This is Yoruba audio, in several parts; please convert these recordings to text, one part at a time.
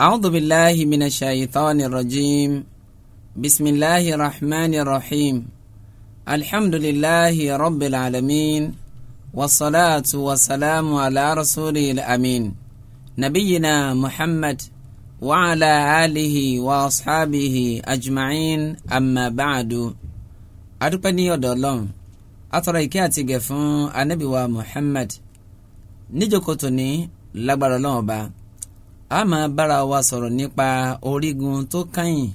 أعوذ بالله من الشيطان الرجيم بسم الله الرحمن الرحيم الحمد لله رب العالمين والصلاة والسلام على رسوله الأمين نبينا محمد وعلى آله وأصحابه أجمعين أما بعد أدقني يدولون أتركي أتقفون النبي محمد ومحمد نجكتني لبرلون بقى a máa bára wa sọ̀rọ̀ nípa orígun tó kẹ́yìn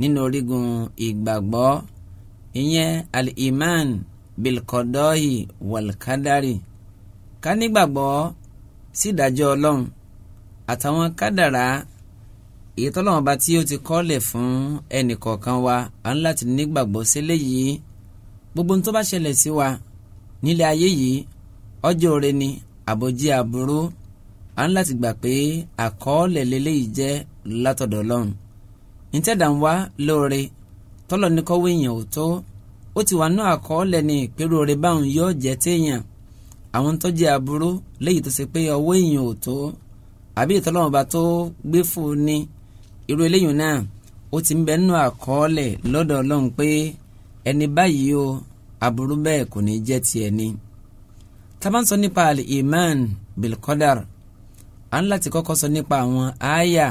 nínú orígun ìgbàgbọ́ ìyẹn al-iman bilkọdọ́hì wàlkádárì ká nígbàgbọ́ sídájọ́ ọlọ́run àtàwọn kádàrá èyí tọ́lọ́wọ́n bá tí ó ti kọ́lẹ̀ fún ẹnì kọ̀ọ̀kan wa à ń láti nígbàgbọ́ sílé yìí gbogbo ohun tó bá ṣẹlẹ̀ sí wa nílé ayé yìí ọjọ́ rẹ ni àbòjì aburú a ń láti gbà pé àkọọ́lẹ̀ lélẹ́yìí jẹ́ látọ̀dọ̀ ọlọ́run nítẹ̀dá ń wá lóore tọ́lọ̀ ní kọ́wé èèyàn ò tó ó ti wà ní àkọọ́lẹ̀ ní ìpérò rẹ̀ báwọn yóò jẹ́ téèyàn àwọn tó jẹ́ aburú léyìí tó ṣe pé ọwọ́ èèyàn ò tó àbí ìtọ́lọ́wọ́n bá tó gbé fún un ní irú eléyìí náà ó ti ń bẹ nínú àkọọ́lẹ̀ lọ́dọ̀ ọlọ́run pé ẹni báyìí o aburú bẹ́ẹ̀ kò ní jẹ́ tiẹ̀ ni. tábà iman bil à ń láti kọ́kọ́ sọ nípa àwọn àáyà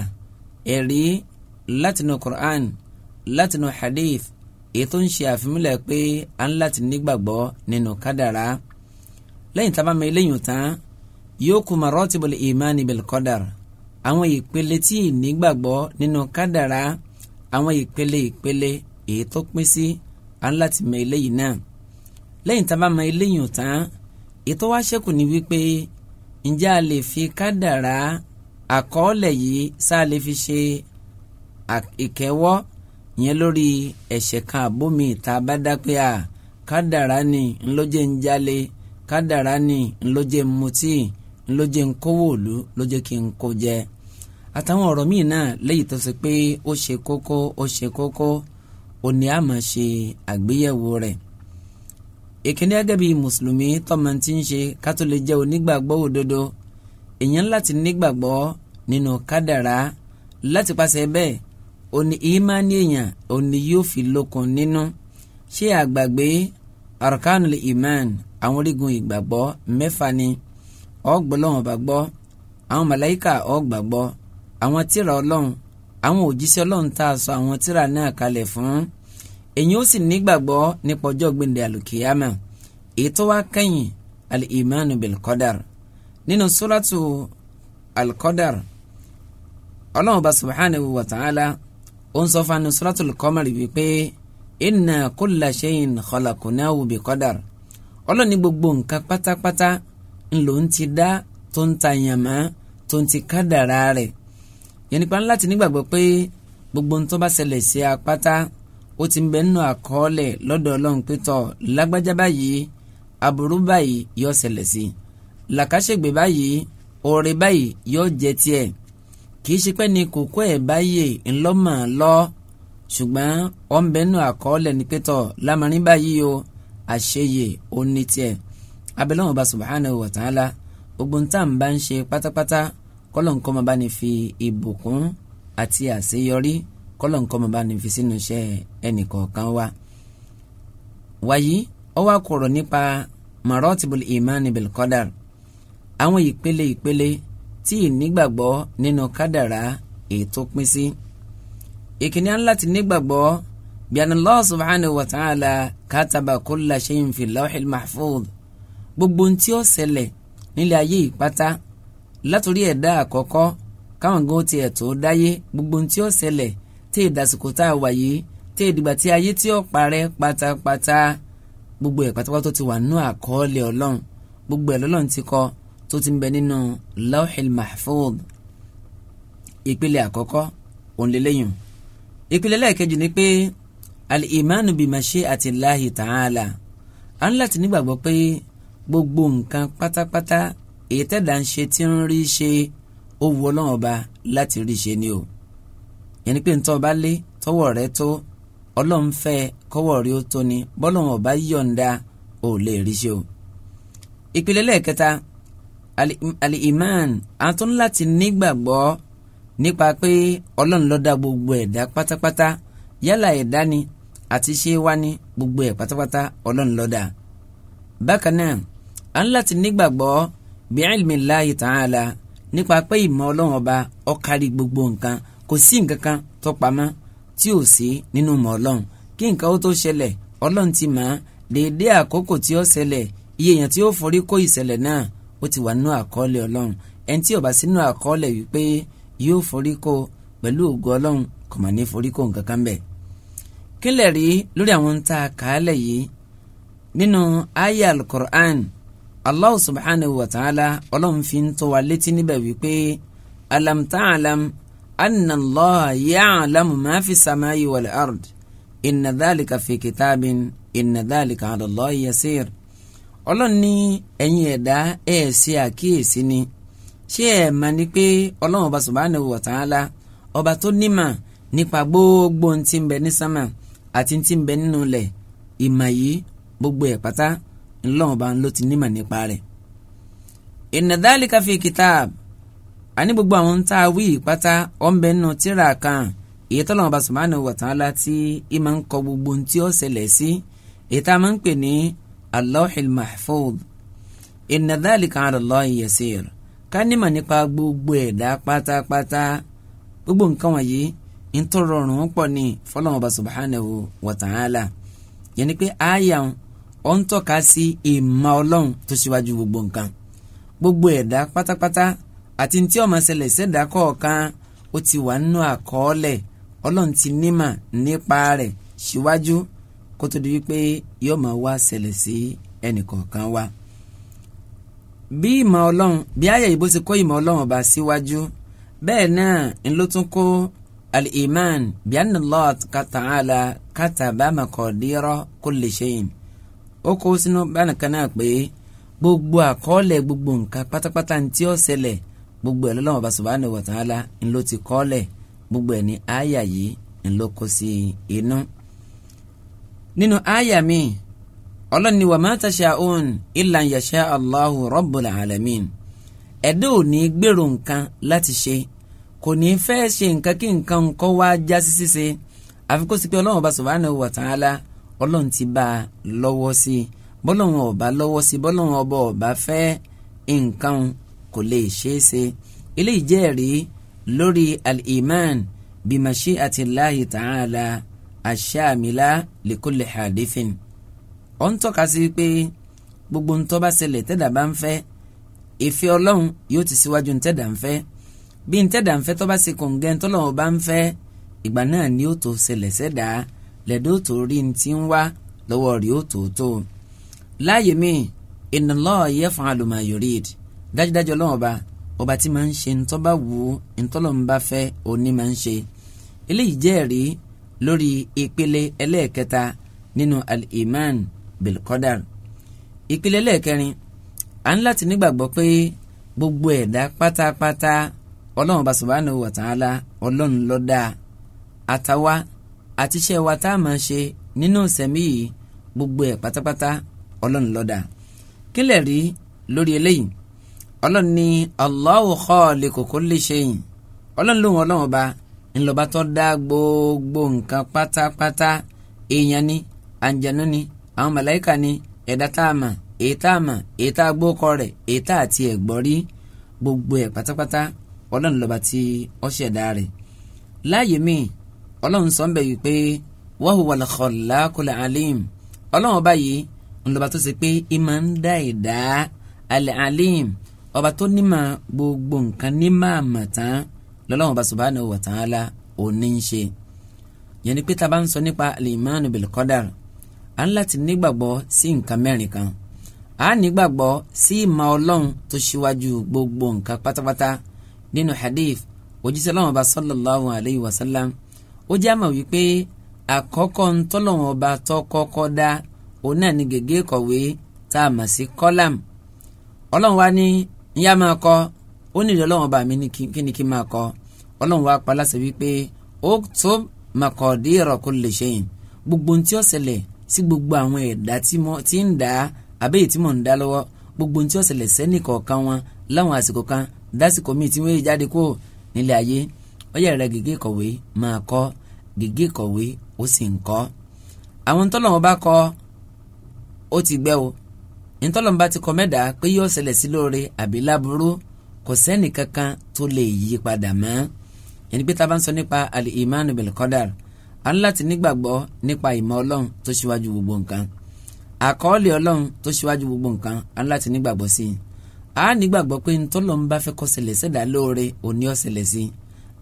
ẹ̀rí látinú Qur'an látinú hadith èyí tó ń ṣe àfimúlẹ̀ pé à ń láti nígbàgbọ́ nínú kádàrá lẹ́yìn tá a bá mọ eléyìí tán yóò kú marotibul imani bil qadar àwọn ìpele tí ìnígbàgbọ́ nínú kádàrá àwọn ìpele ìpele èyí pín sí à ń láti mọ eléyìí náà lẹ́yìn tá a bá mọ eléyìí tán èyí wá ṣẹ́kù ní wípé ǹjẹ́ a lè fi kádàrá àkọọ́lẹ̀ yìí sá a lè fi ṣe ìkẹ́wọ́ yẹn lórí ẹ̀ṣẹ̀ kan àbómi ìta bá dápẹ́ à kádàrá ni ńlọ́jẹ́ ń jalè kádàrá ni ńlọ́jẹ́ ń mutí ńlọ́jẹ́ ń kówó lọ́jẹ́ kí n kó jẹ. àtàwọn ọ̀rọ̀ míì náà lẹ́yìn tó ṣe pé ó ṣe kókó ó ṣe kókó òní àmọ̀ ṣe àgbéyẹ̀wò rẹ̀ èkíní gẹ́gẹ́ bíi mùsùlùmí tọ́mọ tí ń ṣe ká tó lè jẹ́ onígbàgbọ́ òdodo èèyàn láti nígbàgbọ́ nínú kádàrá láti pàṣẹ bẹ́ẹ̀ òní ìmánì èèyàn òní yóò fi lókun nínú ṣé àgbàgbé arkanul iman àwọn orígun ìgbàgbọ́ mẹ́fà ni ọ̀gbọ́ bá gbọ́ àwọn màláìkà ọ̀gbàgbọ́ àwọn tírà ọlọ́run àwọn òjíṣẹ́ ọlọ́run tá a sọ àwọn tírà náà kalẹ̀ fún un èyí ó sì nígbàgbọ́ nípa ọjọ́ gbẹ̀ndẹ̀ àlùkìyàmà èyí tó wá kẹ́yìn al-imanu bil-qadar nínú suratu al-qadar ọlọ́run bá subhanahu wa ta'ala ó ń sọ fún anu suratu al-qamari wípé inna kulla shay'in khalaqnahu bi-qadar ọlọ́ni gbogbo nǹkan pátápátá ńlò ń ti dá tó ń ta yàmá tó ń ti kádàrá rẹ̀ yẹnìpa ńlá nígbàgbọ́ pé gbogbo ń tó bá ṣẹlẹ̀ sí apáta. Si ó ti ń bẹ nínú àkọọ́lẹ̀ lọ́dọ̀ ọlọ́run pé tọ́ lágbájá báyìí aburú báyìí yóò ṣẹlẹ̀ sí i làkàṣègbè báyìí oore báyìí yóò jẹ tiẹ̀ kì í ṣe pé ni kókó ẹ̀ báyìí ńlọ́mọ̀ lọ ṣùgbọ́n ó ń bẹ nínú àkọọ́lẹ̀ ní pé tọ́ lámarin báyìí o àṣeyè ó ní tiẹ̀ abẹ́lẹ́wọ̀n bá subhanahu wa ta'ala ogun tá ń bá ń ṣe pátápátá kọ́lọ̀ nǹkan bá ní fi ìbùkún àti àṣeyọrí kọ́lọ̀ nǹkan mọ̀ bá ní fi sínú iṣẹ́ ẹnìkọ̀ọ̀kan wa. wàyí ó wá kọ̀rọ̀ nípa marotibul imani bil qadar àwọn ìpele ìpele tí ìnígbàgbọ́ nínú kádàrá ètò pín sí. ìkíní aláti nígbàgbọ́ bí Allah subhanahu wa ta'ala kataba kulla shay'in fil lawhil mahfuz gbogbo ohun tí ó ṣẹlẹ̀ nílé ayé ìpátá látòrí ẹ̀dá àkọ́kọ́ káwọn gan tiẹ̀ tó dáyé gbogbo ohun tí ó ṣẹlẹ̀ tí ìdásìkò tá a wà yìí tí ìdìgbà tí ayé tí ó parẹ́ pátápátá gbogbo ẹ̀ pátápátá tó ti wà nínú àkọọ́lẹ̀ ọlọ́run gbogbo ẹ̀ lọ́lọ́run ti kọ tó ti ń bẹ nínú lawhil mahfud ìpele àkọ́kọ́ òǹlẹ́lẹ́yìn ìpele lẹ́ẹ̀kejì ni pé al-imanu bi mashi'ati Allahi ta'ala a ń láti nígbàgbọ́ pé gbogbo nǹkan pátápátá èyí tẹ̀dá ń ṣe tí ń rí ṣe ó wù ọlọ́run ọba láti rí ṣe ni o yẹn ni pé ntọ́ ọba lé tọwọ́ rẹ tó ọlọ́run fẹ́ kọ́wọ́ rí ó tó ni bọ́lọ́run ọba yọ̀ǹda ò lè rí ṣe o. ìpìlẹ̀ lẹ́ẹ̀kẹta al-iman àtún láti nígbàgbọ́ nípa pé ọlọ́run ló dá gbogbo ẹ̀dá pátápátá yálà ẹ̀dá ni àti ṣé wá ní gbogbo ẹ̀ pátápátá ọlọ́run ló dá. bákan náà à ń láti nígbàgbọ́ bí ilmi Allahi ta'ala nípa pé ìmọ̀ ọlọ́run ọba ó kárí gbogbo nǹkan kò sí nǹkan kan tó pamọ́ tí ò sí nínú mọ̀ ọlọ́run kí nǹkan ó tó ṣẹlẹ̀ ọlọ́run ti mọ̀ déédé àkókò tí ó ṣẹlẹ̀ iye èèyàn tí ó forí kó ìṣẹ̀lẹ̀ náà ó ti wà nínú àkọọ́lẹ̀ ọlọ́run ẹni tí ò bá sínú àkọọ́lẹ̀ wípé yóò forí kó pẹ̀lú ògo ọlọ́run kò mà ní forí kó nǹkan kan bẹ́ẹ̀. kílẹ̀ rí lórí àwọn tá a kà á lẹ̀ yìí nínú aya al allah subhanahu wa ta'ala ọlọ́run fi ń tó wa létí níbẹ̀ wípé alam ta'alam ta anna Allah ya'lamu ma fi samaa'i wal ard inna dhalika fi kitabin inna dhalika 'ala Allah yasir ọlọ́run ní ẹ̀yin ẹ̀dá ẹ̀ ṣe àkíyèsí ni ṣé ẹ̀ mà ní pé ọlọ́run ọba subhanahu wa ta'ala ọba tó nímọ̀ nípa gbogbo ohun tí ń bẹ ní sánmà àti ohun tí ń bẹ nínú ilẹ̀ ìmọ̀ yìí gbogbo ẹ̀ pátá ńlọ́run ọba ló ti nímọ̀ nípa rẹ̀. inna dhalika àní gbogbo àwọn ń tá a wí ìpátá ọ̀nbẹ nù tíra kan èyí tọ́lọ̀ ọba sùmánù wọ̀tánlá tí ìmọ̀ ń kọ gbogbo ohun tí ó ṣẹlẹ̀ sí èyí tá a máa ń pè ní alọ́hìl mahfud inna dhalika ala Allahi ká nímọ̀ nípa gbogbo ẹ̀dá pátápátá gbogbo nǹkan wọ̀nyí ń tó rọrùn pọ̀ ní fọlọ́n ọba subhanahu wa ta'ala yẹn pé àyà ọ̀ ń tọ́ka sí ìmọ̀ ọlọ́run tó ṣíwájú gbogbo nǹkan gbogbo ẹ̀dá pátápátá àti ntí ọmọ ṣẹlẹ̀ ṣẹ̀dá kọ̀ọ̀kan ó ti wà nínú àkọọ́lẹ̀ ọlọ́run ti nímà nípa rẹ̀ síwájú kó tó di wípé yóò máa wá ṣẹlẹ̀ sí ẹnì kọ̀ọ̀kan wa. bí ìmọ̀ ọlọ́run bí ayé ìbò ti kó ìmọ̀ ọlọ́run ọba síwájú bẹ́ẹ̀ náà ń ló tún kó al-iman bí anilọ́ọ̀ kàtàlá kàtàbá màkọ̀ọ́dírọ́ kulli shay'in ó kó sínú bánakan náà pé gbogbo àkọọ́lẹ̀ gbogbo nǹkan pátápátá ní ó ṣẹlẹ̀ gbogbo ẹ̀ lọ́lọ́wọ́ bá subhanahu wa ta'ala ńlọ ti kọ́lẹ̀ gbogbo ẹ̀ ní àyà yìí ńlọ kó sí inú. nínú àyà mi ọlọ́ni wa ma tasha'un illa yasha Allahu rabbul alamin ẹ̀dẹ́ ò ní gbèrò nǹkan láti ṣe kò ní fẹ́ ṣe nǹkan kí nǹkan kọ́ wá já sí ṣíṣe àfi kó pé ọlọ́run ọba subhanahu wa ọlọ́run ti bá a lọ́wọ́ sí bọ́lọ́run ọba lọ́wọ́ sí bọ́lọ́run ọba ọba fẹ́ nǹkan kò lè ṣeé ṣe eléyìí jẹ́ ẹ̀rí lórí al-iman bi mashi'atillahi ta'ala ash-shamila li kulli hadithin ó ń tọ́ka sí pé gbogbo ń tó bá ṣẹlẹ̀ tẹ́dà bá ń fẹ́ ìfẹ́ ọlọ́run yóò ti síwájú ń tẹ́dà ń fẹ́ bí ń ń fẹ́ tó ṣe kòǹgẹ́ ń bá ń fẹ́ ìgbà náà ni ó tó ṣẹlẹ̀ ṣẹ̀dá lẹ́dọ̀ tó rí ní ti ń wá lọ́wọ́ rí ó tó tó láàyè mi inna Allah yaf'alu ma yurid dájúdájú ọlọ́run ọba ọba tí máa ń ṣe ntọ́ba wù ú ntọ́lọ́mùbá fẹ́ òní máa ń ṣe eléyìí jẹ́rìí lórí ìpele ẹlẹ́ẹ̀kẹta nínú al-iman bilqadar ìpele ẹlẹ́ẹ̀kẹrin à ń láti nígbàgbọ́ pé gbogbo ẹ̀dá pátápátá ọlọ́run ọba subhanahu wa ta'ala ọlọ́run ló dá àtàwa àti iṣẹ́ wa tá a máa ṣe nínú ìsẹ̀mí yìí gbogbo ẹ̀ pátápátá ọlọ́run ló kílẹ̀ rí lórí eléyìí ọlọ́run ní Allahu khaliqu kulli shay'in ọlọ́run lóhùn ọlọ́run ọba ńlọba tó dá gbogbo nǹkan pátápátá èèyàn ni àǹjẹ̀nú ni àwọn màláíkà ni ẹ̀dá tá a mà èyí tá a mà èyí tá a gbọ́ kọ rẹ̀ èyí tá a ti ẹ̀ gbọ́ rí gbogbo ẹ̀ pátápátá ọlọ́run lọ́ba tí ó ṣẹ̀dá rẹ̀ láàyè míì ọlọ́run sọ ń bẹ̀ wípé wa huwal khallaqul alim ọlọ́run ọba yìí ńlọba tó ṣe pé ìmọ̀ ń dá ìdá al alim ọba tó nímọ̀ gbogbo nǹkan nímọ̀ àmọ̀tán lọ́lọ́run ọba subhanahu wa ta'ala òní ń ṣe yẹn ni pé tá a bá ń sọ nípa al-imanu bil-qadar à ń láti nígbàgbọ́ sí nǹkan mẹ́rin kan à ń nígbàgbọ́ sí ìmọ̀ ọlọ́run tó ṣíwájú gbogbo nǹkan pátápátá nínú hadith òjíṣẹ́ ọlọ́run ọba sallallahu alayhi wa sallam ó jẹ́ àmọ̀ wípé àkọ́kọ́ ntọ́lọ́run ọba tó kọ́kọ́ dá òun náà ni gègé ìyá máa kọ ó nílò ọlọ́run bá mi kí ni kí máa kọ ọlọ́run wá pa láṣẹ wípé uktub maqadira kulli shay'in gbogbo ohun tí ó ṣẹlẹ̀ sí gbogbo àwọn ẹ̀dá tí ń dá abẹ́yẹ tí mò ń dá lọ́wọ́ gbogbo ohun tí ó ṣẹlẹ̀ sẹ́nì kọ̀ọ̀kan wọn láwọn àsìkò kan dásìkò míì tí wọ́n yé jáde kó nílé ayé ó yẹ rẹ gègé kọ̀wé máa kọ gègé kọ̀wé ó sì ń kọ àwọn tọ́lọ́wọ́n bá kọ ó ti gbẹ́ o ntọ́lọ́mba ti kọ mẹ́ta pé yóò ṣẹlẹ̀ sí lóore àbí láburú kò sẹ́ni kankan tó lè yí padà mọ́ ẹni pé tá a bá ń sọ nípa al-imanu bil qadar a ní láti nígbàgbọ́ nípa ìmọ̀ ọlọ́run tó ṣíwájú gbogbo nǹkan àkọọ́lẹ̀ ọlọ́run tó ṣíwájú gbogbo nǹkan a ní láti nígbàgbọ́ sí i a nígbàgbọ́ pé ntọ́lọ́mba fẹ́ kó ṣẹlẹ̀ sẹ́dá lóore òní ó sí i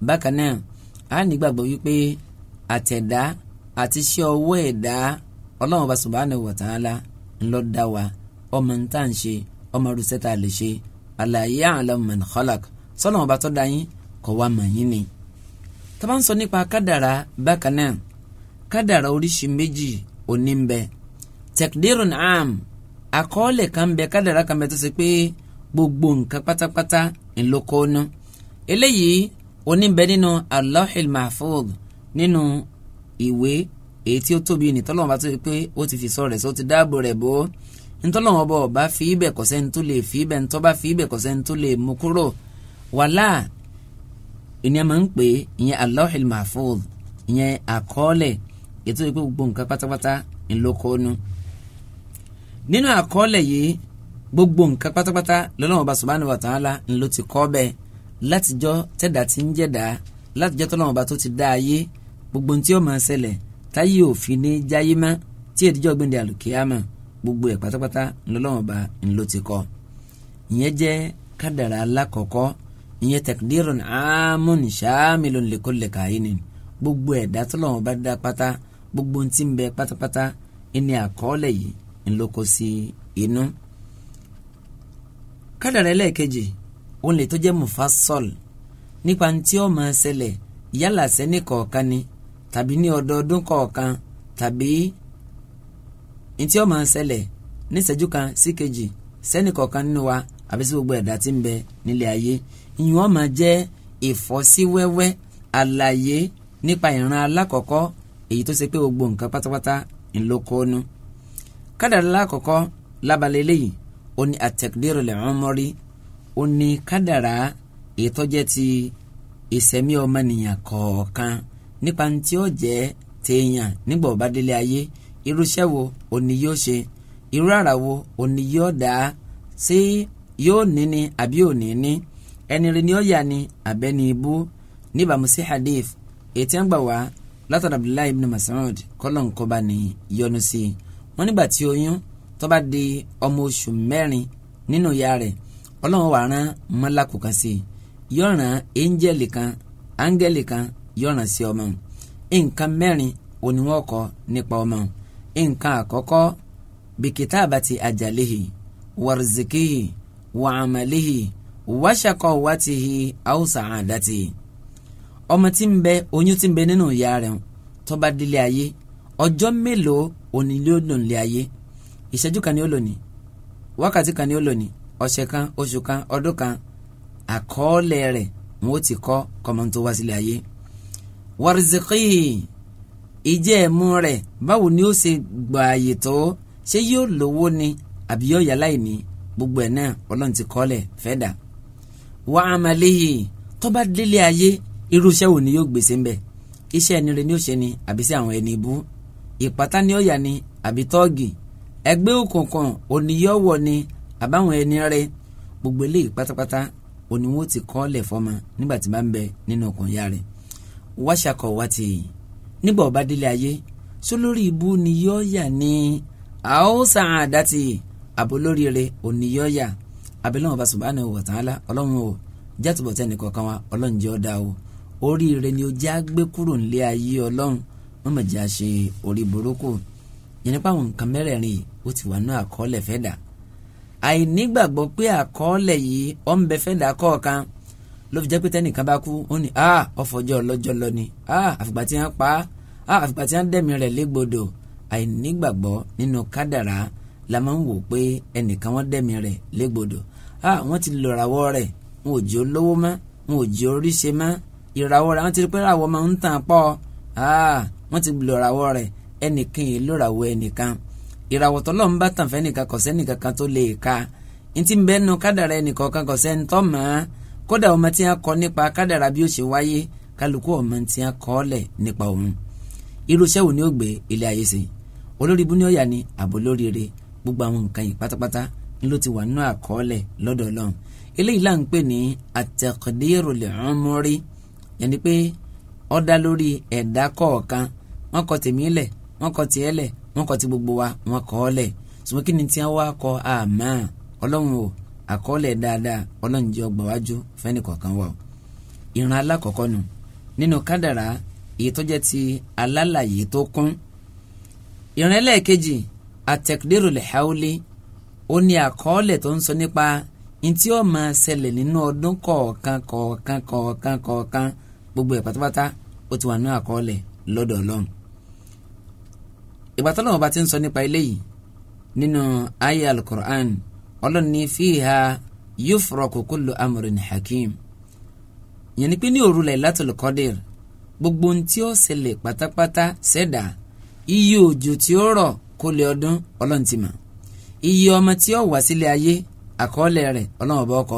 bákan náà a ọmọ ń tà ń ṣe ọmọ rúṣẹ́ tá a lè ṣe àlàyé àlọ́ man khalaq sọ́nà ọba tó dá yín kọ́ wá mọ̀ yín ni. tá ń sọ nípa kádàrá bákan náà kádàrá oríṣi méjì òní ń bẹ tẹkidirun am àkọọ́lẹ̀ kan bẹ kádàrá kan bẹ tó ṣe pé gbogbo nǹkan pátápátá ńlọkọ́nù eléyìí òní ń bẹ nínú Allahil mahfuz nínú ìwé èyí tí ó tóbi nìtọ́lọ́wọ́n bá tó ṣe pé ó ti fi sọ rẹ̀ sọ ti dáàbò rẹ̀ bó ntọ́lọ́wọ́n ọba ọba fi ibẹ̀ kọ̀sẹ́ ntó lè fi ibẹ̀ ntọ́ bá fi ibẹ̀ kọ̀sẹ́ ntó lè mú kúrò wàhálà ìní àmà ń pè é ìyẹn Allahul Mahfuz ìyẹn àkọọ́lẹ̀ ètò ìpè gbogbo nǹkan pátápátá ńlọkọ́nu nínú àkọọ́lẹ̀ yìí gbogbo nǹkan pátápátá lọ́lọ́wọ́n ọba subhanahu wa ta'ala ńlọ ti kọ́ bẹ́ẹ̀ látijọ́ tẹ̀dá ti ń jẹ̀dá látijọ́ tọ́lọ́wọ́n ọba tó ti dá ayé gbogbo ntí ó máa ṣẹlẹ̀ táyé òfin ní jáyé má tí èdíjọ́ gbẹ̀ndẹ̀ àlùkìyàmá gbogbo ẹ̀ pátápátá ńlọ́lọ́wọ́n ba ńlọ ti kọ́ ìyẹn jẹ́ kádàrá alákọ̀ọ́kọ́ ìyẹn tẹkidirun amun shamilun likuli kaini gbogbo ẹ̀dá tọ́lọ́wọ́n bá dá pátá gbogbo ntí ń bẹ pátápátá ẹni àkọọ́lẹ̀ yìí ńlọkọ sí inú. kádàrá ẹlẹ́ẹ̀kejì òun lè tó jẹ́ mufassal nípa ntí ó máa ṣẹlẹ̀ yálà sẹ́ni kọ̀ọ̀kan ni tàbí ní ọdọọdún kọ̀ọ̀kan tàbí ntí ó máa ṣẹlẹ̀ ní ìṣẹ́jú kan sí kejì sẹ́ni nínú wa àbí sí gbogbo ẹ̀dá tí ń bẹ nílé ayé ìyẹn ó máa jẹ́ ìfọ́síwẹ́wẹ́ àlàyé nípa ìran alákọ̀ọ́kọ́ èyí tó ṣe pé gbogbo nǹkan pátápátá ńlọkọ́nu kádàrá alákọ̀ọ́kọ́ lábalẹ̀ eléyìí ó ní àtẹ̀kùdérò lẹ́wọ̀n mọ́rí ó ní kádàrá èyí ti ìṣẹ̀mí ọmọnìyàn kọ̀ọ̀kan nípa ntí ó téèyàn nígbà ó délé ayé irúṣẹ́ wo òní yóò ṣe irú àrà wo òní yóò dá sí yóò ní ni àbí òní ní ẹni rẹ ni ó yà ni àbẹ́ni ibú níbàámu sí hadith ètí ń gbà wá látọ̀dọ̀ abdullahi ibn Mas'ud kọ́lọ̀ ń kọ́ba ní yọnu sí i wọ́n nígbà tí oyún tó bá di ọmọ oṣù mẹ́rin nínú ìyá rẹ̀ ọlọ́run wà rán mọ́lákù kan sí i yóò rán áńgẹ́lì kan áńgẹ́lì kan yóò rán sí ọmọ nǹkan mẹ́rin òní nípa ọmọ nǹkan àkọ́kọ́ bìkítà àbàtì àjàlehì wàrìzìkìhì wàhàmàlehì wàṣàkọ wàtìhì àwùsà àdàtì ọmọ tí ń bẹ oyún tí ń bẹ nínú ìyá rẹ̀ tó bá délé ayé ọjọ́ mélòó òní ló lò nílé ayé ìṣẹ́jú kan ni ó lò wákàtí kan ni ó lò ọ̀sẹ̀ kan oṣù kan ọdún kan àkọọ́lẹ̀ rẹ̀ wọn ti kọ́ kọ́mọ́ntò wá sílé ayé wàrìzìkìhì ìjẹ́ ẹ̀mú rẹ̀ báwo ni ó ṣe gbà àyè tó ṣé yóò lówó ni àbí yóò yà láìní gbogbo ẹ̀ náà ọlọ́run ti kọ́lẹ̀ fẹ́ dà wà á máa léyìí tó bá délé ayé irúṣẹ́ wo ni yóò gbèsè ń bẹ̀ iṣẹ́ ẹni rẹ ni ó ṣe ni àbí sí àwọn ẹni ibú ìpátá ni ó yà ni àbí tọ́ọ̀gì ẹgbẹ́ òkùnkùn òníyọ́wọ̀ ni àbáwọn ẹni rẹ gbogbo eléyìí pátápátá òní wọn ti kọ́lẹ̀ fọ́mọ nígbà tí bá ń bẹ nínú ọkùnrin yá rẹ̀ wáṣàkọ̀ wá ti yìí nígbà ọba délé ayé sólórí ibú ni yóò yà ní àósà àdàtì àbólóríire òní yóò yà abẹ́lẹ́ wọn bá subhanahu wa ta'ala ọlọ́run o játùbọ̀tẹ́ nìkọ̀ọ̀kan wa ọlọ́run jẹ́ ọ̀dà o oríire ni o já gbé kúrò nílé ayé ọlọ́run wọ́n mọ̀ já ṣe orí burúkú yẹnipa àwọn nǹkan mẹ́rẹ̀ẹ̀rin yìí ó ti wà ní àkọọ́lẹ̀ fẹ́dà àìnígbàgbọ́ pé àkọọ́lẹ̀ yìí ó ń bẹ fẹ́dà kọ̀ọ̀kan ló fi jẹ́ pé tẹ́nìkan bá kú ó ní ọ̀fọ̀jọ́ ọlọ́jọ́ lọ ni a àfìgbà tí wọ́n pa á àfìgbà tí wọ́n dẹ̀mí rẹ̀ légbodò àìnígbàgbọ́ nínú kádàrá la máa ń wò pé ẹnìkan wọ́n dẹ̀mí rẹ̀ légbodò à wọ́n ti lọ ràwọ́ rẹ̀ wọn ò jẹ́ olówó mọ́ wọn ò jẹ́ oríṣe mọ́ ìràwọ̀ rẹ̀ wọ́n ti rí pé ràwọ̀ máa ń tàn pọ̀ à wọ́n ti lọ ràwọ̀ rẹ̀ ẹnìkan yìí ló ràwọ̀ ẹnìkan ìràwọ̀ tọ́lọ́ ń bá tàn fẹ́nìkan kò sẹ́nìkan kan tó lè ka ntí ń bẹ́ẹ̀ nu kádàrá ẹnìkan kan kò sẹ́ni mọ́ kódà ọmọ tí wọ́n kọ́ nípa kádàrá bí ó ṣe wáyé kálukú ọmọ tí wọ́n kọ́ lẹ̀ nípa òun irúṣẹ́ wo ni ó gbé ilé ayé ṣe olórí ibú ní ọ̀yà ni àbò lóríire gbogbo àwọn nǹkan yìí pátápátá ni ló ti wà nínú àkọọ́lẹ̀ lọ́dọ̀ Ọlọ́run eléyìí là ń pè ní àtẹ̀kọ́dérò lè rán mú rí yẹnni pé ó dá lórí ẹ̀dá kọ̀ọ̀kan wọ́n kọ tèmi lẹ̀ wọ́n kọ tiẹ̀ lẹ̀ wọ́n kọ ti gbogbo wa wọ́n kọ́ ọ kí ni tí wọ́n á kọ àmọ́ Ọlọ́run o àkọọ́lẹ̀ dáadáa Ọlọ́run jẹ́ ọgbà wájú fẹ́ni kọ̀ọ̀kan wà ìran alákọ̀ọ́kọ́ nu nínú kádàrá èyí tó jẹ́ ti alálàyé tó kún ìrìn ẹlẹ́ẹ̀kejì àtẹ̀kùdérò lè haúlé ó ní àkọọ́lẹ̀ tó ń sọ nípa ntí ó máa ṣẹlẹ̀ nínú ọdún kọ̀ọ̀kan kọ̀ọ̀kan kọ̀ọ̀kan kọ̀ọ̀kan gbogbo ẹ̀ pátápátá ó ti wà ní àkọọ́lẹ̀ lọ́dọ̀ ọlọ́run ìgbà tọ́lọ́run bá ti ń sọ nípa eléyìí nínú ayé alukur'an ọlọ́run ní fíhà yufraqu kullu amrin hakim yẹn ni pé ní òru Laylatul Qadr gbogbo ohun tí ó ṣẹlẹ̀ pátápátá ṣẹ̀dá iye òjò tí ó rọ̀ kó lè ọdún ọlọ́run iye ọmọ tí ó wá sílé ayé àkọọ́lẹ̀ rẹ̀ ọlọ́run ọba ọkọ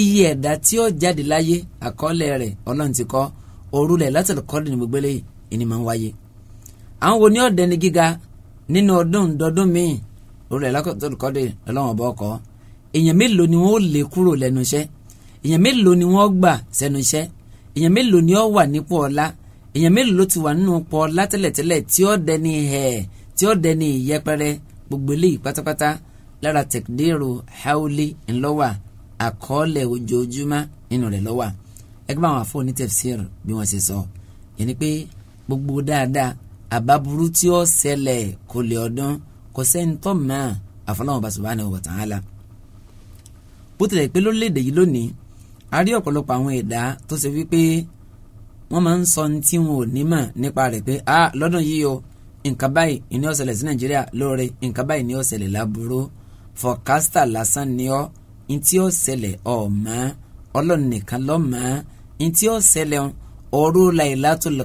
iye ẹ̀dá tí ó jáde láyé àkọọ́lẹ̀ rẹ̀ ọlọ́run ti kọ òrùlẹ̀ látàlú kọ́ọ̀dù ní gbogbo eléyìí ìní máa ń wáyé àwọn wo ni ọ̀dẹ́ ni gíga nínú ọdún dọdún míì òrùlẹ̀ látàlú ni wọ́n ó lè kúrò lẹ́nu iṣẹ́ èèyàn ni wọ́n gbà èèyàn mélòó ni ó wà nípò ọlá èèyàn mélòó ló ti wà nínú pọ ọlá tẹ́lẹ̀tẹ́lẹ̀ tí ó dẹni hẹ̀ tí ó dẹni ìyẹpẹrẹ gbogbo eléyìí pátápátá lára tẹ̀kídéèrò haúlé ńlọ́wà àkọọ́lẹ̀ ojoojúmọ́ nínú rẹ̀ lọ́wà ẹgbẹ́ àwọn afọ ní tẹ̀fsíìrì bí wọ́n ṣe sọ yẹni pé gbogbo dáadáa àbábúrú tí ó ṣẹlẹ̀ kò lè ọdún kò sẹ́ni tó mọ́ àfọlọ́wọn bá subhanahu wa ta'ala bó tilẹ̀ pé lórílẹ̀ yìí lónìí a rí ọ̀pọ̀lọpọ̀ àwọn ẹ̀dá tó ṣe wípé wọ́n máa ń sọ ní tí wọn ò ní mọ̀ nípa rẹ̀ pé a ah, lọ́dún yìí o nǹkan báyìí ni ó ṣẹlẹ̀ sí nàìjíríà lóore nǹkan báyìí ni ó ṣẹlẹ̀ láburú fọkásítà lásán ni ó ní tí ó ṣẹlẹ̀ ọ̀mọ́ ọlọ́run nìkan lọ́mọ́ ní tí ó ṣẹlẹ̀ òru Lailatul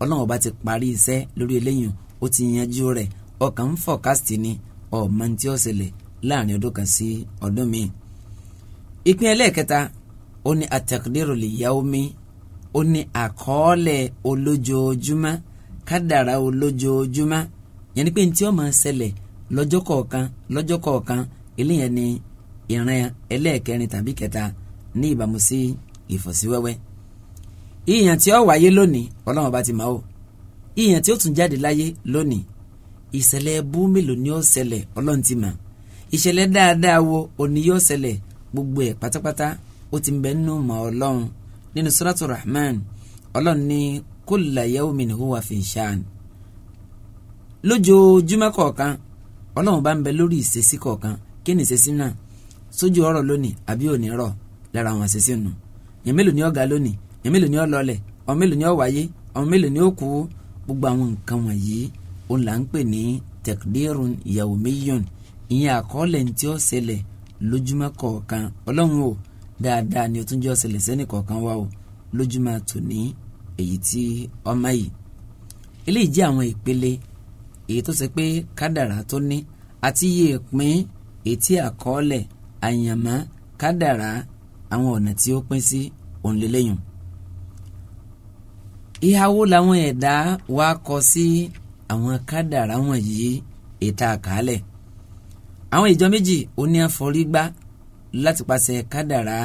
ọlọ́run ọba ti parí iṣẹ́ lórí eléyìí ó ti yanjú rẹ̀ ọkàn fọkásítì ni ọ̀mọ́ ní tí ó ṣẹlẹ̀ láàrin ọdún kan sí ọdún míì ìpín ẹlẹ́ẹ̀kẹta ó ní àtẹ̀kùdérò lè yá omi ó ní àkọọ́lẹ̀ olójoojúmọ́ kádàrá olójoojúmọ́ yẹn ni pé ní tí ó máa ṣẹlẹ̀ lọ́jọ́ kọ̀ọ̀kan lọ́jọ́ kọ̀ọ̀kan eléyẹn ni ìran ẹlẹ́ẹ̀kẹrin tàbí kẹta ní ìbámu sí ìfọ̀síwẹ́wẹ́ ìyàn tí ó wáyé lónìí ọlọ́run bá ti máa o ìyàn tí ó tún jáde láyé lónìí ìṣẹ̀lẹ̀ bú mélòó ni ó ṣẹlẹ̀ ọlọ́run ti mà ìṣẹ̀lẹ̀ gbogbo ẹ̀ pátápátá ó ti ń bẹ nínú mọ̀ ọlọ́run nínú suratu rahman ọlọ́run ní kulla yawmin huwa fi shan lójoojúmọ́ kọ̀ọ̀kan ọlọ́run bá ń bẹ lórí ìṣesí kọ̀ọ̀kan kí ni ìṣesí náà sójú ọ̀rọ̀ lónìí àbí òní rọ̀ lára àwọn àṣesí nù yẹn mélòó ni ó ga lónìí yẹn mélòó ni ó lọlẹ̀ ọ̀n mélòó ni ó wáyé ọ̀n mélòó ni ó kú gbogbo àwọn nǹkan wọ̀nyí òun là ń pè ní tẹ̀kídérùn yawmiyyun ìyẹn àkọọ́lẹ̀ ní tí ó ṣẹlẹ̀ lójúmọ́ kọ̀ọ̀kan ọlọ́run o dáadáa ni o tún jẹ́ ọ̀sẹ̀lẹ̀ sẹ́ni kọ̀ọ̀kan wa o lójúmọ́ tòní èyí tí ọmọ yìí eléyìí jẹ́ àwọn ìpele èyí tó ṣe pé kádàrá tó ní àti iye ìpín èyí tí àkọọ́lẹ̀ àyànmọ́ kádàrá àwọn ọ̀nà tí ó pín sí òǹlẹ́lẹ́yìn ìhàwó làwọn ẹ̀dá wa kọ sí àwọn kádàrá wọ̀nyí ètà àkàálẹ̀ àwọn ìjọ méjì ó ní àforígbá láti pàṣẹ kádàrá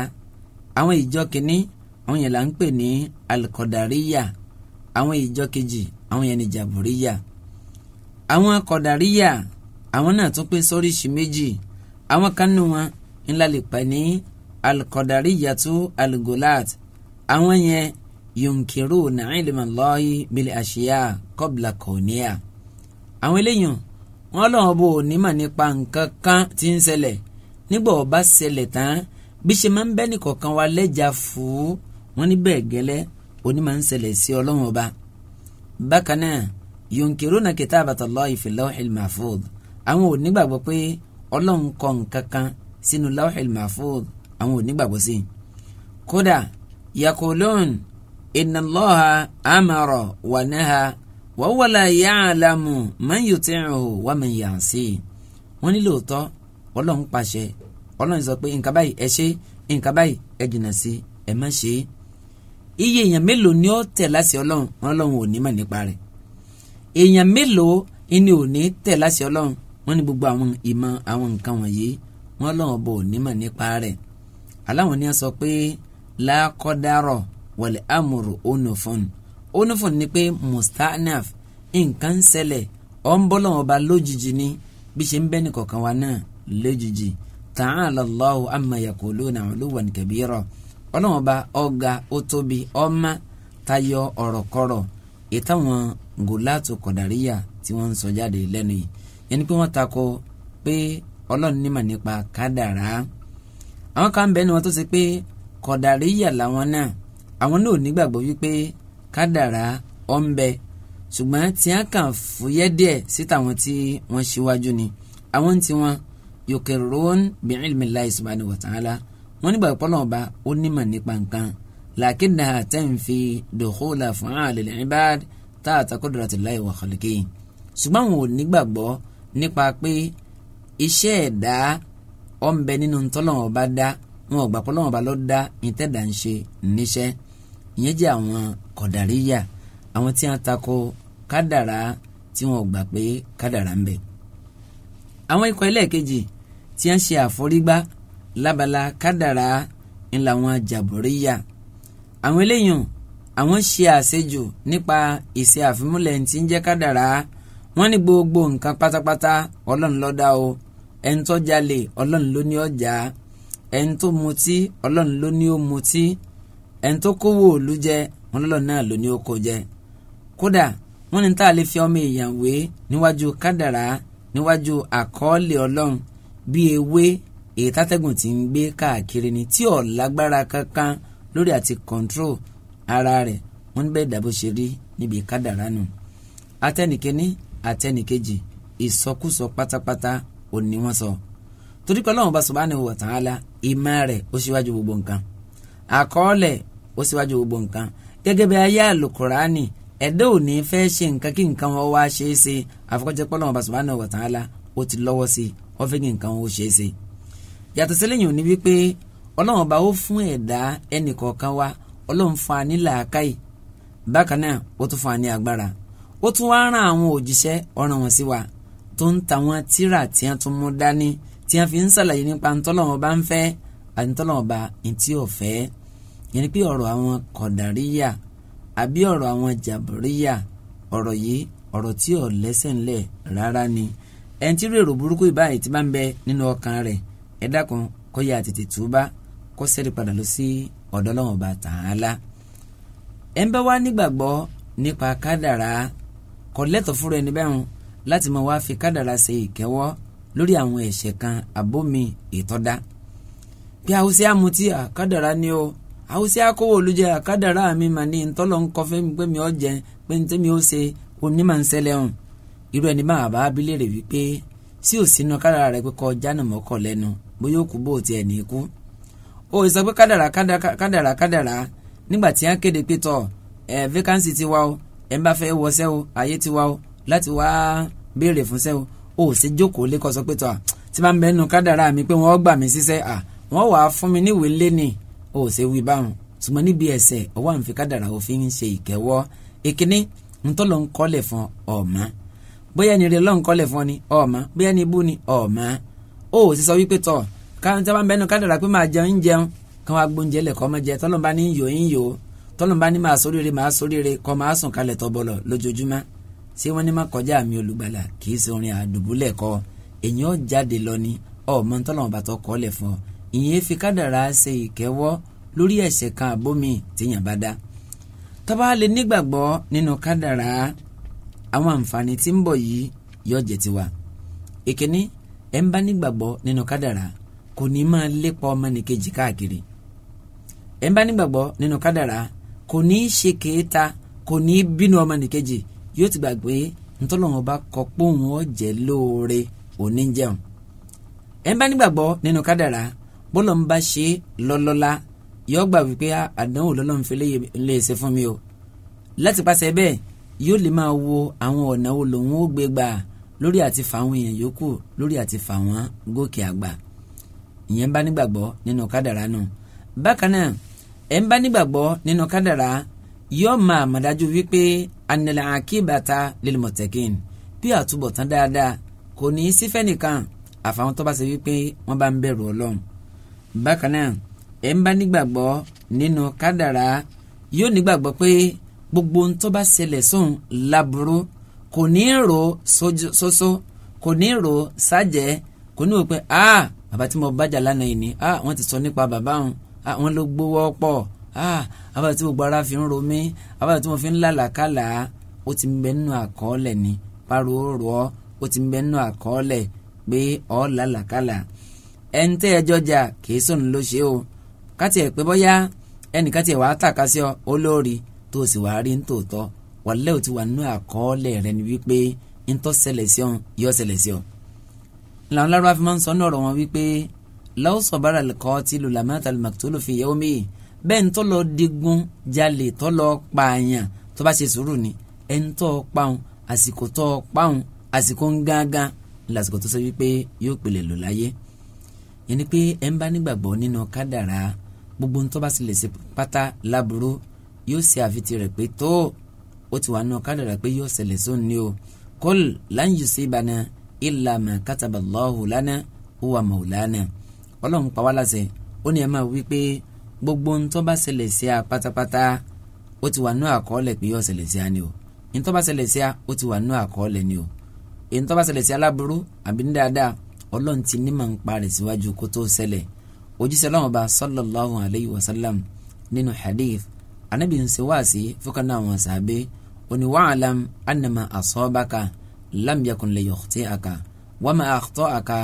àwọn ìjọ kìíní àwọn yẹn là ń pè ní alikọdàríyà àwọn ìjọ kejì àwọn yẹn ní jàbúríyà àwọn akọdàríyà àwọn náà tún pé sóríṣi méjì àwọn kan wọn ńlá lè pè ní alikọdàríyà tó aligolat àwọn yẹn yunkiru na ilman Allahi bil ashiya qabla kòníyà àwọn eléyìí wọn lọ́wọ́ bó onímọ̀ nípa nǹkan kan tí ń ṣẹlẹ̀ nígbà ọba ṣẹlẹ̀ tán bí ṣe máa ń bẹ́ nìkọ̀ọ̀kan wa lẹ́jà fún wọn níbẹ̀ gẹ́lẹ́ onímọ̀ ń ṣẹlẹ̀ sí ọlọ́run ọba. bákan náà yunkiruna kitabata Allahi fi lawhil mahfuz àwọn ò nígbàgbọ́ pé ọlọ́run kọ nǹkan kan sínú lawhil mahfuz àwọn ò nígbàgbọ́ sí kódà yakulun inna Allaha amara wa wa huwa la ya'lamu man yuti'uhu wa man ya'sihi wọ́n ní lóòótọ́ ọlọ́run pàṣẹ ọlọ́run sọ pé nǹkan báyìí ẹ ṣe nǹkan báyìí ẹ jìnnà sí ẹ má ṣe é iye èèyàn mélòó ni ó tẹ̀ láṣẹ ọlọ́run wọn lọ́run ò ní mọ̀ nípa rẹ̀ èèyàn mélòó ni ò ní tẹ̀ láṣẹ ọlọ́run wọn ní gbogbo àwọn ìmọ̀ àwọn nǹkan wọ̀nyí wọn lọ́run bò ní mọ̀ nípa rẹ̀ aláwọn ni a sọ pé lákọ́dárọ̀ wọlé amòrò ònà onífọ̀n ni pé mustanaf nǹkan ń ṣẹlẹ̀ ọ̀ ń bọ́ lọ́wọ́ ba lójijì ni bí ṣe ń bẹ́ ní kọ̀ọ̀kan wa náà lójijì ta'ala Allahu amma yaquluna 'uluwan kabira ọlọ́wọ́n ba ọ̀gá ó tóbi ọ̀ma tayọ ọ̀rọ̀kọ̀rọ̀ ìtàwọn gòláàtò kọ̀dàríyà tí wọ́n ń sọ jáde lẹ́nu yìí yẹn ni pé wọ́n takò pé ọlọ́run nímọ̀ nípa kádàrá àwọn kan bẹ́ẹ̀ ni wọ́n tó ṣe pé kọ̀dàríyà làwọn náà àwọn náà nígbàgbọ́ wípé kádàrá ọ̀nbẹ ṣùgbọ́n tí a kàn fúyẹ́ díẹ̀ sí tàwọn tí wọ́n ṣíwájú ni àwọn tí wọ́n yòkèrún bi ilmillahi subhanahu wa ta'ala wọ́n nígbà pọ́nà ọba ó nímọ̀ nípa nǹkan làákìnnà àtẹ̀ǹfì dòkóòlà fún àlèlè ìbáàd tá a takọ́dọ̀rọ̀ àti láì wà kọ̀lìkì ṣùgbọ́n àwọn ò nígbàgbọ́ nípa pé iṣẹ́ ẹ̀dá ọ̀nbẹ nínú ntọ́lọ́wọ́n ọba dá wọn ò gbà pọ́nà ọba ló dá ìtẹ̀dá ń ṣe níṣẹ́ ìyẹn jẹ́ àwọn kọ̀dàríyà àwọn tí wọ́n tako kádàrá tí wọ́n gbà pé kádàrá ń bẹ. àwọn ikọ̀ ẹlẹ́ẹ̀kejì tí wọ́n ṣe àforígbá lábala kádàrá ńlá wọn jàbọ̀ríyà àwọn eléyìí àwọn ṣe àṣejù nípa ìṣe àfimúlẹ̀ tí ń jẹ́ kádàrá wọ́n ní gbogbo nǹkan pátápátá ọlọ́run ló o ẹni tó jalè ọlọ́run ló ní ó ẹni tó mutí ọlọ́run ló ní ó mutí ẹni tó kówó òlu jẹ wọn lọ́lọ́ náà ló ní ó kó jẹ kódà wọn ní tá a lè fi ọmọ èèyàn wé níwájú kádàrá níwájú àkọọ́lẹ̀ ọlọ́run bí ewé èyí tátẹ́gùn ti ń gbé káàkiri ni tí ò lágbára kankan lórí àti control ara rẹ̀ wọ́n ń bẹ́ẹ̀ dàbò ṣe rí níbi kádàrá nù atẹnìkẹ́ni atẹnìkejì ìsọkúsọ pátápátá òní wọ́n sọ torí pé ọlọ́run bá subhanahu wa ta'ala ìmọ̀ rẹ̀ ó ṣíwájú gbogbo nǹkan àkọọ́lẹ̀ ó síwájú gbogbo nǹkan gẹ́gẹ́ bí ayé àlùkùránì ẹ̀dá ò ní fẹ́ ṣe nǹkan kí nǹkan wọn wá ṣe é ṣe àfọkọ́jẹ́ pọ́lọ́ wọn subhanahu wa ta'ala ó ti lọ́wọ́ sí i wọ́n fẹ́ kí nǹkan wọn ó ṣe é ṣe. yàtọ̀ sẹ́lẹ̀yìn òní wípé ọlọ́run ọba ó fún ẹ̀dá ẹnì kọ̀ọ̀kan ọlọ́run fún wa ní làákàyè bákan náà ó tún fún wa ní agbára ó tún wá rán àwọn òjíṣẹ́ ọ̀ràn wọn sí wa tó ń ta wọn tíra tí wọ́n tún mú dání tí wọ́n fi ń ṣàlàyé nípa ntọ́lọ́run ọba ń fẹ́ ànitọ́lọ́mọba ntí ọ̀fẹ́ yẹn ni pé ọ̀rọ̀ àwọn kọ̀dàríyà àbí ọ̀rọ̀ àwọn jàbíríyà ọ̀rọ̀ yìí ọ̀rọ̀ tí ò lẹ́sẹ̀ ńlẹ̀ rárá ni ẹni tí rèrò burúkú ìbáyìí ti máa ń bẹ nínú ọkàn rẹ̀ ẹ dákun kó yà tètè túbá kó sẹ́rí padà lọ sí ọ̀dọ̀ ọlọ́mọba tààlà ẹ ń bá nípa kádàrá kò lẹ́tọ̀ fúnra ẹni bẹ́ẹ̀ láti máa wá fi kádàrá ṣe ìkẹ́wọ́ lórí àwọn ẹ̀ṣẹ̀ kan àbómi ìtọ́dá bí haúsí àmutí àkádàrá ni o haúsí àkówó olùjẹ àkádàrá mi mà ní ntọ́lọ́ nkọ́fẹ́ mi pé mi ò jẹ pé ní tẹ́mi ó ṣe onímọ̀ nsẹ́lẹ̀ hàn irú ẹni máa bá abilé rẹ̀ wípé sí ò sínú kádàrá rẹ̀ pé kọ́ jáná mọ́kọ̀ lẹ́nu bóyá ó kú bó tiẹ̀ ní ikú o sọ pé kádàrá kádàrá kádàrá nígbà tí wọ́n kéde pé tọ̀ ẹ̀ vacancy ti wá o ẹ̀ ń bá fẹ́ wọṣẹ́ o ayé ti wá o láti wá béèrè fúnṣẹ́ o ò sì jókòó lé sọ pé tọ̀ tí máa ń bẹ́ẹ̀ nu kádàrá mi pé wọ́n gbà mí síṣẹ́ à wọ́n wàá fún mi níwèé lẹ́nì ó ṣe wí báwọn ṣùgbọ́n níbi ẹ̀sẹ̀ ọwọ́ àǹfi kádàrà òfin ń ṣe ìkẹ́wọ́ èkíní ntọ́lọ́ ń kọ́lẹ̀ fún ọ̀ma bóyá ni rẹ̀ lọ́n kọ́lẹ̀ fún ni ọ̀ma bóyá ni ibú ni ọ̀ma ó sì sọ wípé tọ̀ káwọn tí wọ́n bá ń bẹnu kádàrà pé máa jẹun ń jẹun káwọn agbóúnjẹ lẹ̀ kọ́ máa jẹ tọ́lọ́ bá ní ń yò ń yò tọ́lọ́ bá ní máa sóríire máa sóríire kọ́ máa sùn kalẹ̀ tọ́bọ̀lọ̀ lójoojúmọ́ ṣé wọ́n ní má kọjá àmì olùgbàlà kì í ṣe orin àdùbúlẹ̀ kọ́ èyí ó jáde lọ ni ọ̀mọ́ ntọ́lọ́ bá tọ́ kọ́lẹ̀ fún ọ ìyẹn fi kádàrá ṣe ìkẹ́wọ́ lórí kan àbómi tíyàn bá dá tó lè nígbàgbọ́ nínú kádàrá àwọn àǹfààní tí ń bọ̀ yìí yọ jẹ tiwa ìkíní ẹ̀ ń bá nígbàgbọ́ nínú kádàrá kò ní máa lépa káàkiri ń bá nínú kádàrá kò ní í ṣe kọ lóore òní jẹun ń bá nínú bọ́lọ̀ ń bá ṣe lọ́lọ́lá yóò gbà wípé ah, àdánwò lọ́lọ́run fi lè ṣe fún mi o láti pàṣẹ bẹ́ẹ̀ yóò lè máa wo àwọn ọ̀nà wo lòun ó gbé gbà lórí àti fà àwọn èèyàn yòókù lórí àti fà wọ́n gòkè àgbà ìyẹn bá nígbàgbọ́ nínú kádàrá nù bákan náà ẹ̀ ń bá nígbàgbọ́ nínú kádàrá yóò máa mọ̀dájú wípé anilẹ̀ akíbata lilmọ̀tẹ́kìn bí àtúbọ̀tán dáadáa kò ní í sífẹ́ nìkan àfàwọn tó bá ṣe wípé wọ́n bá ń bẹ̀rù ọlọ́run bákan náà ẹ̀ ń bá nígbàgbọ́ nínú kádàrá yóò nígbàgbọ́ pé gbogbo ń tó bá ṣẹlẹ̀ sóun láburú kò ní rò sóso kò ní rò sájẹ́ kò ní rò pé ah bàbá tí mo bájà lánàá yìí ni ah wọ́n ti sọ nípa bàbá òun ah wọ́n ló gbowó pọ̀ ah abájá tí gbogbo ara fi ń ro mí abájá tí mo fi ń làlàkàlà ó ti ń bẹ nínú àkọọ́lẹ̀ ni pariwo rọ ó ti ń bẹ nínú àkọọ́lẹ̀ pé ọ́ làlàkàlà ẹni tẹ́ ẹ jọjà kìí sùn ló ṣe o káti ẹ̀ pé bọ́yá ẹnìkan tiẹ̀ wàá tàka sí ọ olórí tó o sì wàá rí nítòótọ́ wàlẹ́ ò wà nínú àkọọ́lẹ̀ rẹ ni wípé ntọ́ ṣẹlẹ̀ sí ọ yọ ṣẹlẹ̀ sí ọ. làwọn lárúbá fi máa ń sọ ní ọ̀rọ̀ wọn wípé láwùsọ̀ bára lẹ́kọ́ ti lù làmẹ́ta lùmọ̀tòlù fi yẹ́wọ́ mi bẹ́ẹ̀ ntọ́ lọ digun jalè tọ́ lọ pààyàn tó bá ṣe sùúrù ni ẹ̀ ntọ́ pààrùn àsìkò tọ́ pààrùn àsìkò ń gángan lásìkò tó ṣe wípé yóò pèlè lò láyé yẹn ni pé ẹ ń bá nígbàgbọ́ nínú kádàrá gbogbo ń tó bá sì lè ṣe pátá láburú yóò ṣe àfitì rẹ̀ pé tó ó ti wà nínú kádàrá pé yóò ṣẹlẹ̀ sóun ni o kol lan yusibana illa ma kataballahu lana huwa maulana ọlọ́run pa wá láṣẹ ó ní ẹ máa wí pé gbogbo ń tó ṣẹlẹ̀ sí a pátápátá ó ti wà nínú àkọọ́lẹ̀ pé yóò ṣẹlẹ̀ sí a ni o ń ṣẹlẹ̀ sí a ó ti wà nínú àkọọ́lẹ̀ ni o ń ṣẹlẹ̀ sí aláburú àbí ní dáadáa ọlọ́run ti ní màá ń parí síwájú kó tó ṣẹlẹ̀ òjíṣẹ́ ọlọ́run ọba sallallahu alayhi wa sallam nínú hadith anabi ń ṣe wáàsí fúkan náà wọn sàbẹ oní wa'lam annama asabaka lam yakun liyukhti'aka wa ma akhta'aka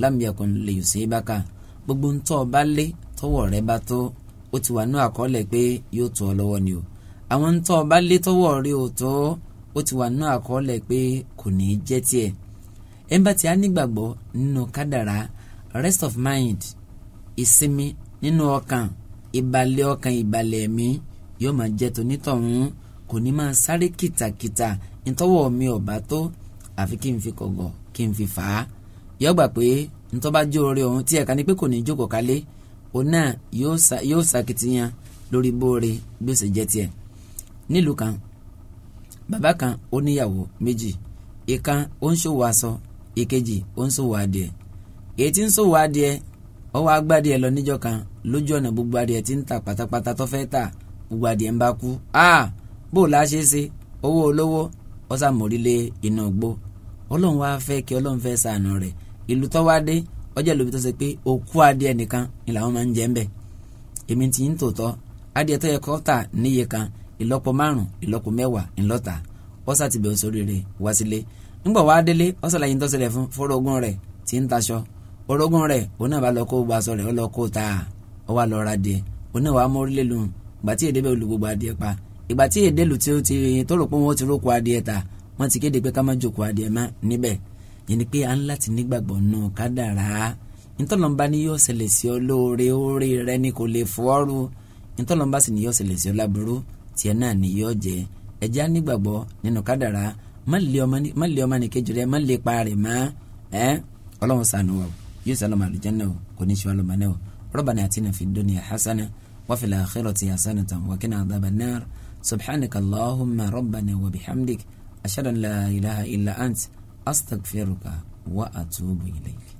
lam yakun liyusibaka gbogbo ń tọ́ ọ bá lé tọwọ́ rẹ bá tó ó ti wà ní àkọọ́lẹ̀ pé yóò tó lọ́wọ́ ni o àwọn ń tọ́ bá lé tọwọ́ rẹ ò tó ó ti wà ní àkọọ́lẹ̀ pé kò ní í jẹ́ tiẹ̀ ẹ̀ ń bá ti nígbàgbọ́ nínú kádàrá rest of mind ìsinmi nínú ọkàn ìbalẹ̀ ọkàn ìbalẹ̀ ẹ̀mí yóò máa jẹ́ tonítọ̀hún kò ní máa sáré kìtàkìtà ntọ́wọ́ mi ọ̀bá tó àfi kí n fi kọ̀gọ̀ kí n fi fà á yọ gbà pé ntọ́ bá jó orí ọ̀hún tí ẹ̀ka ni pé kò ní jókòó kalẹ̀ òun náà yóò ṣàkìtìyàn lórí bóore bí ó ṣe jẹ́ tiẹ̀ nílùú kan bàbá kan ó níyàwó méjì ìkan ó ń ṣòwò aṣọ ìkejì ó ń ṣòwò adìẹ èyí tí ń ṣòwò adìẹ ọwọ́ agbádìẹ lọ níjọ́ kan lójú ọ̀nà gbogbo adìẹ ti ń ta pátápátá tó fẹ́ tà gbogbo adìẹ ń bá kú ah bó o ṣe owó olówó ọ̀sà mọ̀rílé inú gbó ọlọ́run wá fẹ́ kí ọlọ́run fẹ́ sànù rẹ̀ ìlú tọ́wádé ọjọ́ ìlú tó ṣe pé òkú ni làwọn máa ń ti ń tòótọ́ adìẹ tó kan márùn-ún mẹ́wàá ńlọ́ta ọ̀sà ti ńgbọ̀ wá délé ó ṣàlàyé ń tọ́sẹ̀lẹ̀ fún fọ́rọ̀gùn rẹ̀ tí ń taṣọ orogún rẹ̀ òun náà bá lọ kó gbaṣọ rẹ̀ ó lọ kó ta ó wá lọ ra díẹ̀ òun náà wà á mórí lélu ìgbà tí èdè bẹ́ẹ̀ olùgbogbo adìẹ pa ìgbà tí èdè lù tí ó ti tó rò pé wọ́n ti rókò adìẹ ta wọ́n ti kéde pé ká má jòkó adìẹ má níbẹ̀ yẹn ni pé à ń láti nígbàgbọ́ ni yóò ṣẹlẹ̀ sí ọ lóore oore rẹ ni ni yóò ṣẹlẹ̀ sí ọ náà ni yóò jẹ má lé ọmọ nìkejì rẹ má lé parí mọ́ ẹ́ ọlọ́run sànù wa yóò sànù màlúù jẹ́ náà kò ní sọ ọlọ́mọ náà rabbana atina fid dunya hasana wa fil akhirati hasanatan wa qina adhaban nar subhanaka allahumma rabbana wa bihamdik ashhadu la ilaha illa ant astaghfiruka wa atubu ilayk